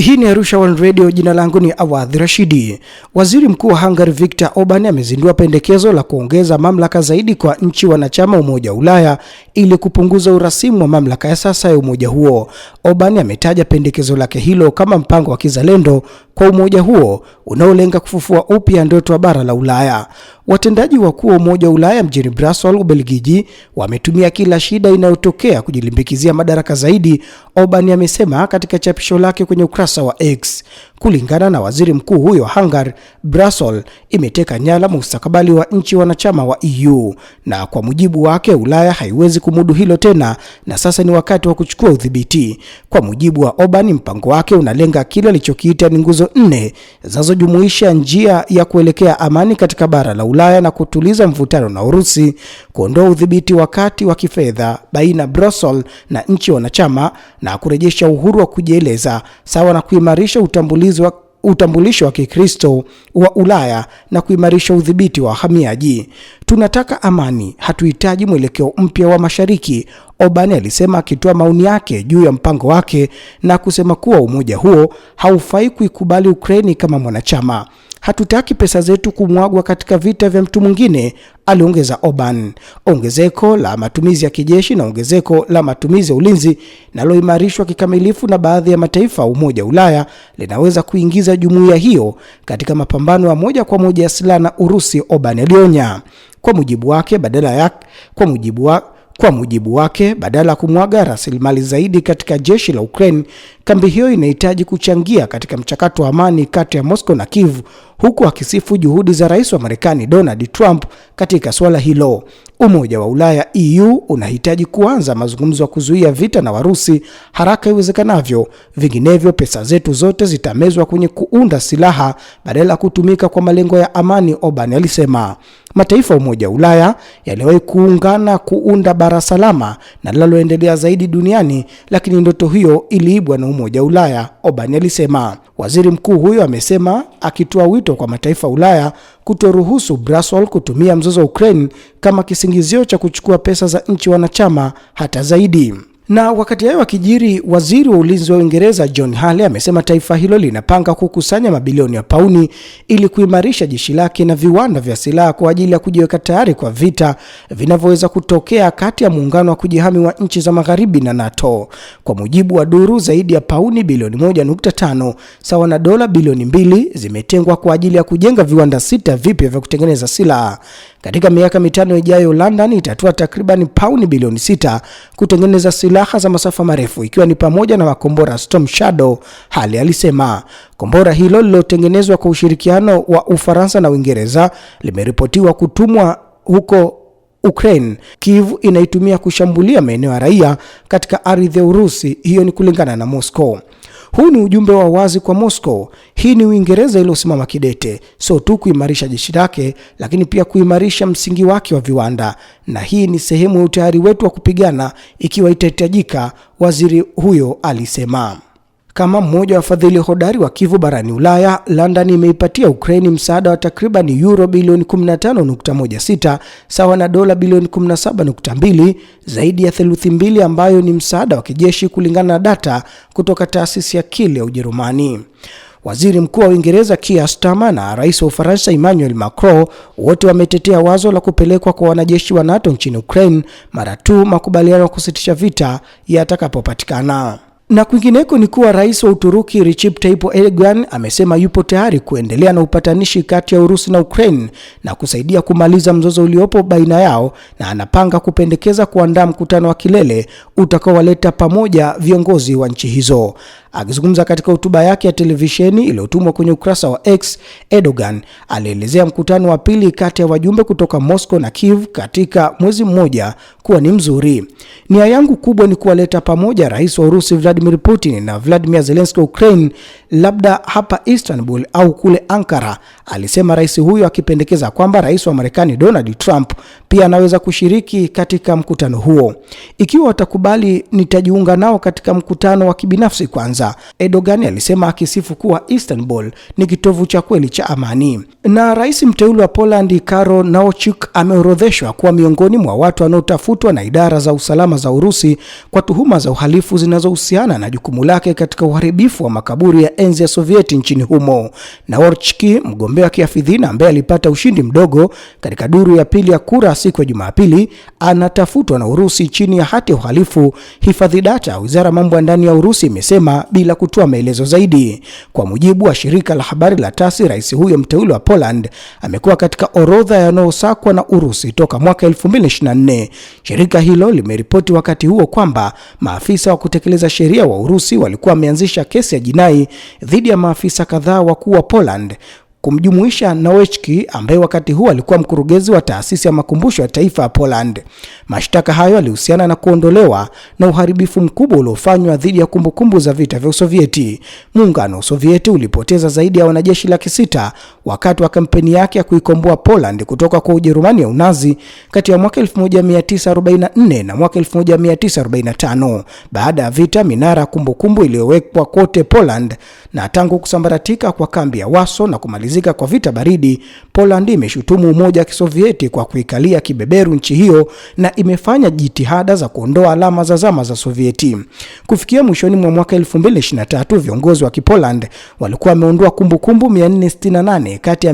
Hii ni Arusha One Radio. Jina langu ni Awadhi Rashidi. Waziri Mkuu wa Hungary Viktor Orban amezindua pendekezo la kuongeza mamlaka zaidi kwa nchi wanachama Umoja wa Ulaya ili kupunguza urasimu wa mamlaka ya sasa ya umoja huo. Orban ametaja pendekezo lake hilo kama mpango wa kizalendo kwa umoja huo unaolenga kufufua upya ndoto ya bara la Ulaya. Watendaji wakuu wa Umoja wa Ulaya mjini Brussels, Ubelgiji, wametumia kila shida inayotokea kujilimbikizia madaraka zaidi, Orban amesema katika chapisho lake kwenye ukurasa wa X. Kulingana na waziri mkuu huyo Hungary, Brussels imeteka nyala mustakabali wa nchi wanachama wa EU, na kwa mujibu wake Ulaya haiwezi kumudu hilo tena, na sasa ni wakati wa kuchukua udhibiti. Kwa mujibu wa Orban, mpango wake unalenga kile alichokiita ni nguzo nne zinazojumuisha njia ya kuelekea amani katika bara la Ulaya na kutuliza mvutano na Urusi, kuondoa udhibiti wakati wa kifedha baina Brussels na nchi wanachama, na kurejesha uhuru wa kujieleza sawa na kuimarisha utambulisho utambulisho wa Kikristo wa Ulaya na kuimarisha udhibiti wa wahamiaji. Tunataka amani, hatuhitaji mwelekeo mpya wa mashariki, Obani alisema akitoa maoni yake juu ya mpango wake na kusema kuwa umoja huo haufai kuikubali Ukraini kama mwanachama hatutaki pesa zetu kumwagwa katika vita vya mtu mwingine, aliongeza Oban. Ongezeko la matumizi ya kijeshi na ongezeko la matumizi ya ulinzi linaloimarishwa kikamilifu na baadhi ya mataifa Umoja wa Ulaya linaweza kuingiza jumuiya hiyo katika mapambano ya moja kwa moja ya silaha na Urusi, Oban alionya. Kwa mujibu wake badala yake kwa mujibu wake kwa mujibu wake, badala ya kumwaga rasilimali zaidi katika jeshi la Ukraine, kambi hiyo inahitaji kuchangia katika mchakato wa amani kati ya Moscow na Kiev, huku akisifu juhudi za rais wa Marekani Donald Trump katika suala hilo. Umoja wa Ulaya EU unahitaji kuanza mazungumzo ya kuzuia vita na Warusi haraka iwezekanavyo, vinginevyo pesa zetu zote zitamezwa kwenye kuunda silaha badala ya kutumika kwa malengo ya amani, Oban alisema. Mataifa ya Umoja wa Ulaya yaliwahi kuungana kuunda bara salama na linaloendelea zaidi duniani, lakini ndoto hiyo iliibwa na Umoja wa Ulaya, Obani alisema. Waziri mkuu huyo amesema akitoa wito kwa mataifa ya Ulaya kutoruhusu Brussels kutumia mzozo wa Ukraine kama kisingizio cha kuchukua pesa za nchi wanachama hata zaidi. Na wakati hayo akijiri, waziri wa ulinzi wa Uingereza John Hale amesema taifa hilo linapanga kukusanya mabilioni ya pauni ili kuimarisha jeshi lake na viwanda vya silaha kwa ajili ya kujiweka tayari kwa vita vinavyoweza kutokea kati ya muungano wa kujihami wa nchi za magharibi na NATO. Kwa mujibu wa duru, zaidi ya pauni bilioni 1.5 sawa na dola bilioni mbili zimetengwa kwa ajili ya kujenga viwanda sita vipya vya kutengeneza silaha. Katika miaka mitano ijayo, London itatoa takriban pauni bilioni sita kutengeneza silaha silaha za masafa marefu ikiwa ni pamoja na makombora Storm Shadow, hali alisema. Kombora hilo lilotengenezwa kwa ushirikiano wa Ufaransa na Uingereza limeripotiwa kutumwa huko Ukraine. Kiev inaitumia kushambulia maeneo ya raia katika ardhi ya Urusi, hiyo ni kulingana na Moscow. Huu ni ujumbe wa wazi kwa Moscow. Hii ni Uingereza iliyosimama kidete, sio tu kuimarisha jeshi lake, lakini pia kuimarisha msingi wake wa viwanda, na hii ni sehemu ya utayari wetu wa kupigana ikiwa itahitajika, waziri huyo alisema kama mmoja wa wafadhili hodari wa Kivu barani Ulaya, London imeipatia Ukraine msaada wa takriban euro bilioni 15.16 sawa na dola bilioni 17.2, zaidi ya theluthi mbili ambayo ni msaada wa kijeshi kulingana na data kutoka taasisi ya Kiel ya Ujerumani. Waziri Mkuu wa Uingereza Keir Starmer na Rais wa Ufaransa Emmanuel Macron wote wametetea wazo la kupelekwa kwa wanajeshi wa NATO nchini Ukraine mara tu makubaliano ya kusitisha vita yatakapopatikana. Na kwingineko ni kuwa rais wa Uturuki Recep Tayyip Erdogan amesema yupo tayari kuendelea na upatanishi kati ya Urusi na Ukraine na kusaidia kumaliza mzozo uliopo baina yao, na anapanga kupendekeza kuandaa mkutano wa kilele utakaowaleta pamoja viongozi wa nchi hizo. Akizungumza katika hotuba yake ya televisheni iliyotumwa kwenye ukurasa wa X, Erdogan alielezea mkutano wa pili kati ya wajumbe kutoka Moscow na Kiev katika mwezi mmoja kuwa ni mzuri. Nia yangu kubwa ni kuwaleta pamoja Rais wa Urusi Vladimir Putin na Vladimir Zelensky wa Ukraine, labda hapa Istanbul au kule Ankara, alisema rais huyo, akipendekeza kwamba rais wa Marekani Donald Trump pia anaweza kushiriki katika mkutano huo. Ikiwa watakubali, nitajiunga nao katika mkutano wa kibinafsi kwanza kwanza. Erdogan alisema akisifu kuwa Istanbul ni kitovu cha kweli cha amani. Na rais mteule wa Poland Karol naochik ameorodheshwa kuwa miongoni mwa watu wanaotafutwa na idara za usalama za Urusi kwa tuhuma za uhalifu zinazohusiana na jukumu lake katika uharibifu wa makaburi ya enzi ya Sovieti nchini humo. Nawchuk, mgombea wa kiafidhina ambaye alipata ushindi mdogo katika duru ya pili ya kura siku ya Jumapili, anatafutwa na Urusi chini ya hati ya uhalifu. Hifadhi data, wizara ya mambo ya ndani ya Urusi imesema bila kutoa maelezo zaidi. Kwa mujibu wa shirika la habari la TASI, rais huyo mteule wa Poland amekuwa katika orodha ya wanaosakwa na Urusi toka mwaka 2024. Shirika hilo limeripoti wakati huo kwamba maafisa wa kutekeleza sheria wa Urusi walikuwa wameanzisha kesi ya jinai dhidi ya maafisa kadhaa wakuu wa Poland kumjumuisha Nowechki ambaye wakati huo alikuwa mkurugenzi wa taasisi ya makumbusho ya taifa ya Poland. Mashtaka hayo yalihusiana na kuondolewa na uharibifu mkubwa uliofanywa dhidi ya kumbukumbu za vita vya Usovieti. Muungano wa usovieti ulipoteza zaidi ya wanajeshi laki sita wakati wa kampeni yake ya kuikomboa Poland kutoka kwa Ujerumani ya Unazi kati ya mwaka 1944 na mwaka 1945. Baada ya vita, minara ya kumbukumbu iliyowekwa kote Poland na tangu kusambaratika kwa kambi ya Waso na kumalizika kumalizika kwa vita baridi, Poland imeshutumu Umoja wa Kisovieti kwa kuikalia kibeberu nchi hiyo na imefanya jitihada za kuondoa alama za zama za Sovieti. Kufikia mwishoni mwa mwaka 2023, viongozi wa Kipoland walikuwa wameondoa kumbukumbu 468 kati ya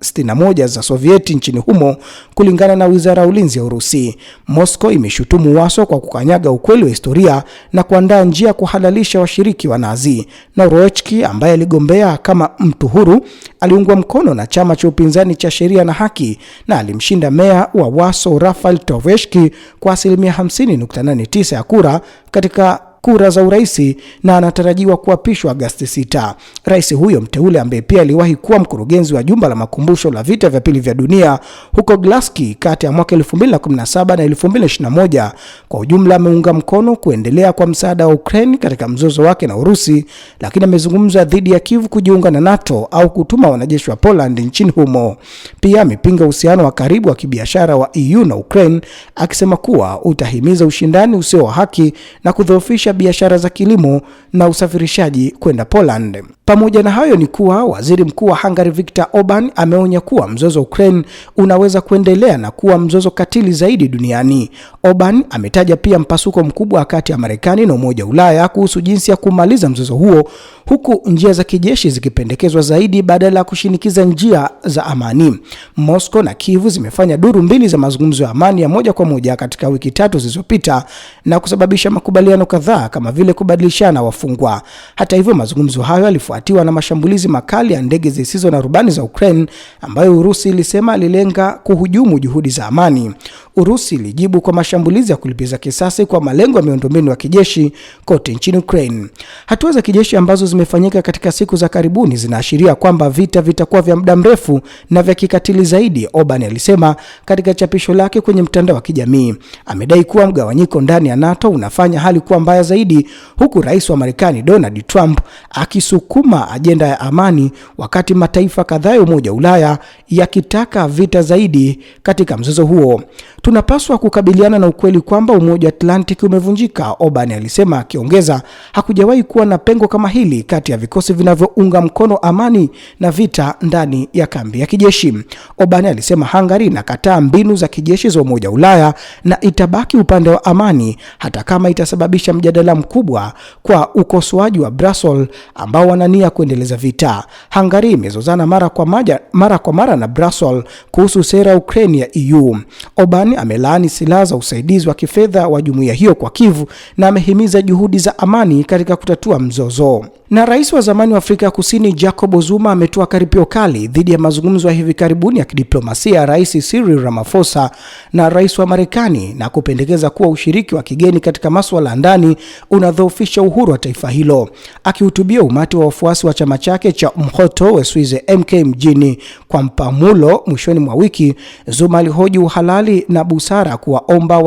61 za Sovieti nchini humo, kulingana na wizara ya ulinzi ya Urusi. Moscow imeshutumu Waso kwa kukanyaga ukweli wa historia na kuandaa njia kuhalalisha washiriki wa Nazi. Naurochki ambaye aligombea kama mtu huru aliungwa mkono na chama cha upinzani cha sheria na haki na alimshinda meya wa Waso Rafael Toveshki kwa asilimia 50.89 ya kura katika kura za uraisi na anatarajiwa kuapishwa Agosti 6. Rais huyo mteule ambaye pia aliwahi kuwa mkurugenzi wa jumba la makumbusho la vita vya pili vya dunia huko Glasgow kati ya mwaka 2017 na 2021, kwa ujumla ameunga mkono kuendelea kwa msaada wa Ukraine katika mzozo wake na Urusi, lakini amezungumza dhidi ya kivu kujiunga na NATO au kutuma wanajeshi wa Poland nchini humo. Pia amepinga uhusiano wa karibu wa kibiashara wa EU na Ukraine akisema kuwa utahimiza ushindani usio wa haki na kudhoofisha biashara za kilimo na usafirishaji kwenda Poland. Pamoja na hayo ni kuwa waziri mkuu wa Hungary Viktor Orban ameonya kuwa mzozo wa Ukraine unaweza kuendelea na kuwa mzozo katili zaidi duniani. Orban ametaja pia mpasuko mkubwa kati ya Marekani na Umoja wa Ulaya kuhusu jinsi ya kumaliza mzozo huo, huku njia za kijeshi zikipendekezwa zaidi badala ya kushinikiza njia za amani. Moscow na Kiev zimefanya duru mbili za mazungumzo ya amani ya moja kwa moja katika wiki tatu zilizopita na kusababisha makubaliano kadhaa kama vile kubadilishana wafungwa. Hata hivyo, mazungumzo hayo yalifuatwa kufuatiwa na mashambulizi makali ya ndege zisizo na rubani za Ukraine ambayo Urusi ilisema ililenga kuhujumu juhudi za amani. Urusi ilijibu kwa mashambulizi ya kulipiza kisasi kwa malengo ya miundombinu ya kijeshi kote nchini Ukraine. Hatua za kijeshi ambazo zimefanyika katika siku za karibuni zinaashiria kwamba vita vitakuwa vya muda mrefu na vya kikatili zaidi, Oban alisema katika chapisho lake kwenye mtandao wa kijamii. Amedai kuwa mgawanyiko ndani ya NATO unafanya hali kuwa mbaya zaidi, huku rais wa Marekani Donald Trump akisukuma kusukuma ajenda ya amani, wakati mataifa kadhaa ya Umoja wa Ulaya yakitaka vita zaidi katika mzozo huo. Tunapaswa kukabiliana na ukweli kwamba umoja wa Atlantic umevunjika, Obani alisema, akiongeza, hakujawahi kuwa na pengo kama hili kati ya vikosi vinavyounga mkono amani na vita ndani ya kambi ya kijeshi. Oban alisema Hungary inakataa mbinu za kijeshi za Umoja wa Ulaya na itabaki upande wa amani hata kama itasababisha mjadala mkubwa kwa ukosoaji wa Brussels ambao wanani nia kuendeleza vita. Hungary imezozana mara kwa maja, mara kwa mara na Brussels kuhusu sera Ukraine ya EU. Oban amelaani silaha za usaidizi wa kifedha wa jumuiya hiyo kwa Kivu na amehimiza juhudi za amani katika kutatua mzozo. Na rais wa zamani wa Afrika Kusini Jacob Zuma ametoa karipio kali dhidi ya mazungumzo ya hivi karibuni ya kidiplomasia Rais Cyril Ramaphosa na rais wa Marekani na kupendekeza kuwa ushiriki wa kigeni katika masuala ya ndani unadhoofisha uhuru wa taifa hilo. Akihutubia umati wa wafuasi wafuasi wa chama chake cha Mhoto Weswize MK mjini kwa mpamulo mwishoni mwa wiki, Zuma alihoji uhalali na busara kuwaomba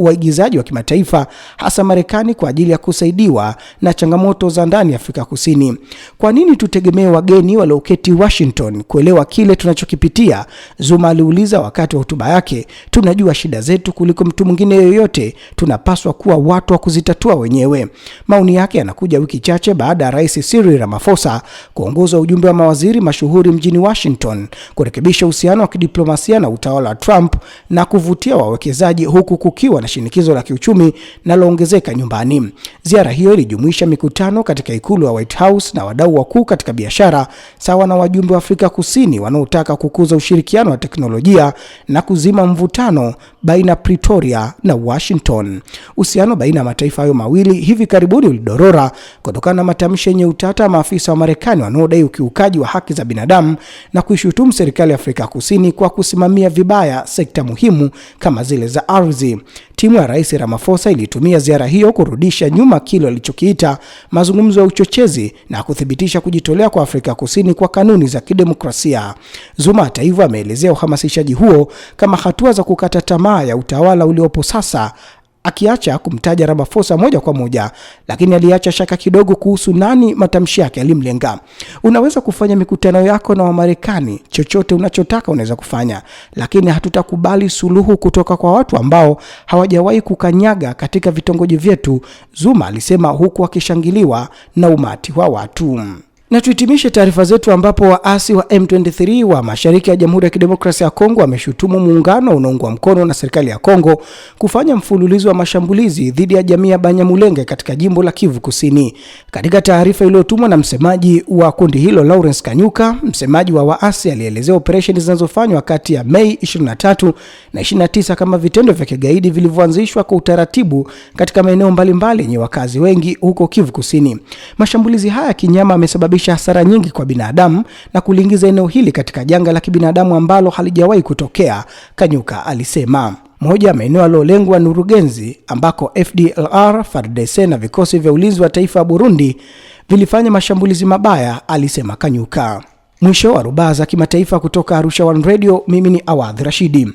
waigizaji wa kimataifa hasa Marekani kwa ajili ya kusaidiwa na changamoto za ndani Afrika Kusini. Kwa nini tutegemee wageni walioketi Washington kuelewa kile tunachokipitia? Zuma aliuliza wakati wa hotuba yake. Tunajua shida zetu kuliko mtu mwingine yoyote, tunapaswa kuwa watu wa kuzitatua wenyewe. Maoni yake yanakuja wiki chache baada ya Rais Cyril Ramaphosa kuongoza ujumbe wa mawaziri mashuhuri mjini Washington kurekebisha uhusiano wa kidiplomasia na utawala wa Trump na kuvutia wawekezaji huku kukiwa na shinikizo la kiuchumi linaloongezeka nyumbani. Ziara hiyo ilijumuisha mikutano katika ikulu ya White House na wadau wakuu katika biashara sawa na wajumbe wa Afrika Kusini wanaotaka kukuza ushirikiano wa teknolojia na kuzima mvutano baina ya Pretoria na Washington. Uhusiano baina ya mataifa hayo mawili hivi karibuni ulidorora kutokana na matamshi yenye utata maafisa wa Marekani wanaodai ukiukaji wa haki za binadamu na kuishutumu serikali ya Afrika Kusini kwa kusimamia vibaya sekta muhimu kama zile za ardhi. Timu ya Rais Ramaphosa ilitumia ziara hiyo kurudisha nyuma kile alichokiita mazungumzo ya uchochezi na kuthibitisha kujitolea kwa Afrika Kusini kwa kanuni za kidemokrasia. Zuma hata hivyo ameelezea uhamasishaji huo kama hatua za kukata tamaa tamaa ya utawala uliopo sasa, akiacha kumtaja Ramaphosa moja kwa moja, lakini aliacha shaka kidogo kuhusu nani matamshi yake alimlenga. Unaweza kufanya mikutano yako na Wamarekani, chochote unachotaka unaweza kufanya, lakini hatutakubali suluhu kutoka kwa watu ambao hawajawahi kukanyaga katika vitongoji vyetu, Zuma alisema, huku akishangiliwa na umati wa watu. Na tuhitimishe taarifa zetu ambapo waasi wa M23 wa mashariki ya Jamhuri ya Kidemokrasia ya Kongo wameshutumu muungano unaoungwa mkono na serikali ya Kongo kufanya mfululizo wa mashambulizi dhidi ya jamii ya Banyamulenge katika jimbo la Kivu Kusini. Katika taarifa iliyotumwa na msemaji wa kundi hilo Lawrence Kanyuka, msemaji wa waasi alielezea operesheni zinazofanywa kati ya Mei 23 na 29 kama vitendo vya kigaidi vilivyoanzishwa kwa utaratibu katika maeneo mbalimbali yenye wakazi wengi huko Kivu Kusini. Mashambulizi haya kinyama yamesababisha kusababisha hasara nyingi kwa binadamu na kuliingiza eneo hili katika janga la kibinadamu ambalo halijawahi kutokea, Kanyuka alisema. Moja ya maeneo yaliyolengwa ni Rugenzi ambako FDLR, FARDC na vikosi vya ulinzi wa taifa ya Burundi vilifanya mashambulizi mabaya, alisema Kanyuka. Mwisho wa rubaa za kimataifa kutoka Arusha One Radio, mimi ni Awadh Rashidi.